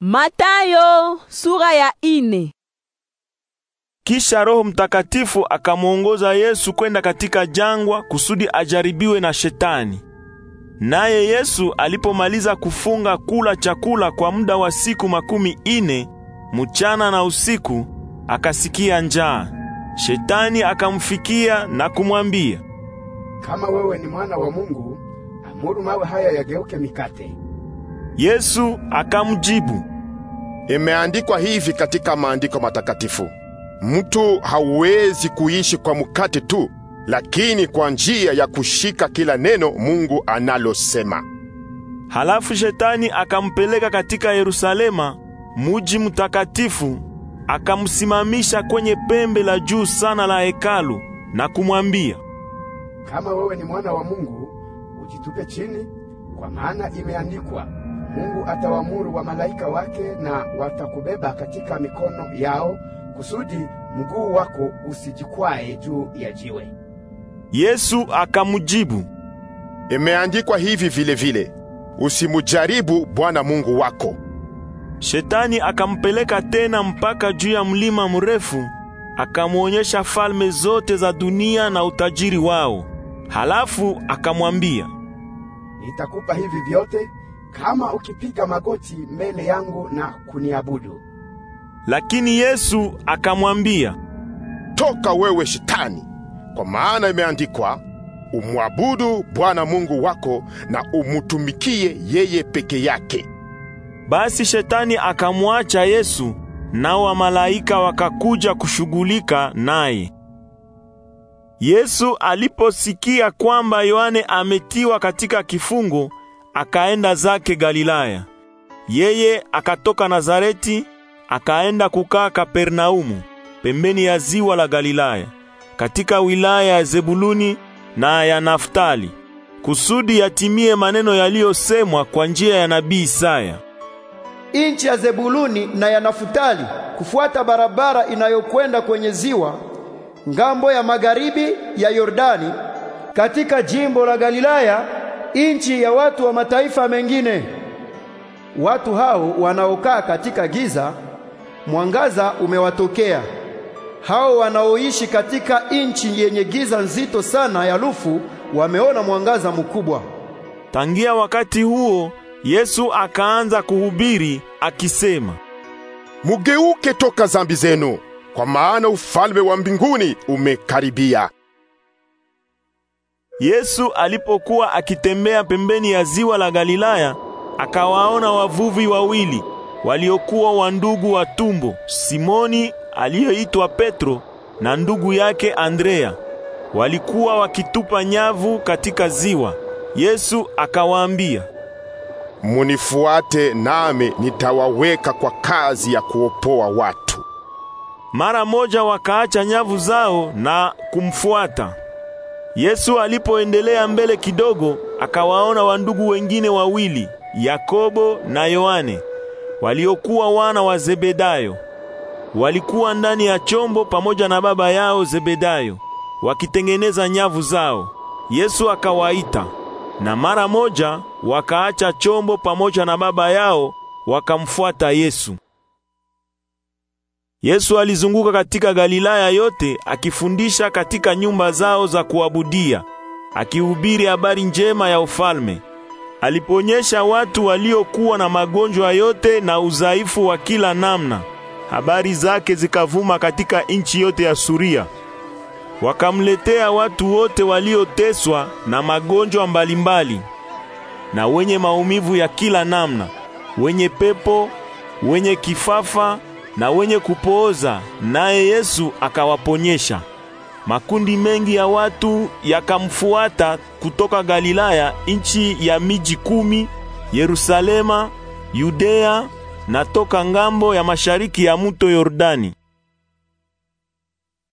Matayo sura ya ine. Kisha Roho Mtakatifu akamwongoza Yesu kwenda katika jangwa kusudi ajaribiwe na Shetani. Naye Yesu alipomaliza kufunga kula chakula kwa muda wa siku makumi ine mchana na usiku, akasikia njaa. Shetani akamfikia na kumwambia, kama wewe ni mwana wa Mungu, amuru mawe haya yageuke mikate. Yesu akamjibu, imeandikwa hivi katika maandiko matakatifu, mtu hauwezi kuishi kwa mkate tu, lakini kwa njia ya kushika kila neno Mungu analosema. Halafu shetani akampeleka katika Yerusalema, muji mtakatifu, akamsimamisha kwenye pembe la juu sana la hekalu na kumwambia, kama wewe ni mwana wa Mungu, ujitupe chini, kwa maana imeandikwa Mungu atawamuru wa malaika wake na watakubeba katika mikono yao kusudi mguu wako usijikwae juu ya jiwe. Yesu akamjibu, imeandikwa hivi vile vile, usimujaribu Bwana Mungu wako. Shetani akampeleka tena mpaka juu ya mlima mrefu, akamwonyesha falme zote za dunia na utajiri wao. Halafu akamwambia, nitakupa hivi vyote kama ukipiga magoti mbele yangu na kuniabudu. Lakini Yesu akamwambia, toka wewe Shetani, kwa maana imeandikwa, umwabudu Bwana Mungu wako na umutumikie yeye peke yake. Basi Shetani akamwacha Yesu, nao wa malaika wakakuja kushughulika naye. Yesu aliposikia kwamba Yohane ametiwa katika kifungo akaenda zake Galilaya. Yeye akatoka Nazareti akaenda kukaa Kapernaumu, pembeni ya ziwa la Galilaya, katika wilaya ya Zebuluni na ya Naftali, kusudi yatimie maneno yaliyosemwa kwa njia ya nabii Isaya: Inchi ya Zebuluni na ya Naftali, kufuata barabara inayokwenda kwenye ziwa, ngambo ya magharibi ya Yordani, katika jimbo la Galilaya nchi ya watu wa mataifa mengine. Watu hao wanaokaa katika giza, mwangaza umewatokea. Hao wanaoishi katika nchi yenye giza nzito sana ya lufu wameona mwangaza mkubwa. Tangia wakati huo Yesu akaanza kuhubiri akisema, mugeuke toka zambi zenu, kwa maana ufalme wa mbinguni umekaribia. Yesu alipokuwa akitembea pembeni ya ziwa la Galilaya, akawaona wavuvi wawili waliokuwa wa ndugu wa tumbo, Simoni aliyeitwa Petro na ndugu yake Andrea. Walikuwa wakitupa nyavu katika ziwa. Yesu akawaambia, Munifuate nami nitawaweka kwa kazi ya kuopoa watu. Mara moja wakaacha nyavu zao na kumfuata. Yesu alipoendelea mbele kidogo, akawaona wandugu wengine wawili, Yakobo na Yohane, waliokuwa wana wa Zebedayo. Walikuwa ndani ya chombo pamoja na baba yao Zebedayo, wakitengeneza nyavu zao. Yesu akawaita, na mara moja wakaacha chombo pamoja na baba yao, wakamfuata Yesu. Yesu alizunguka katika Galilaya yote akifundisha katika nyumba zao za kuabudia, akihubiri habari njema ya ufalme. Aliponyesha watu waliokuwa na magonjwa yote na udhaifu wa kila namna. Habari zake zikavuma katika nchi yote ya Suria. Wakamletea watu wote walioteswa na magonjwa mbalimbali na wenye maumivu ya kila namna, wenye pepo, wenye kifafa na wenye kupooza, naye Yesu akawaponyesha. Makundi mengi ya watu yakamfuata kutoka Galilaya, nchi ya miji kumi, Yerusalema, Yudea na toka ngambo ya mashariki ya mto Yordani.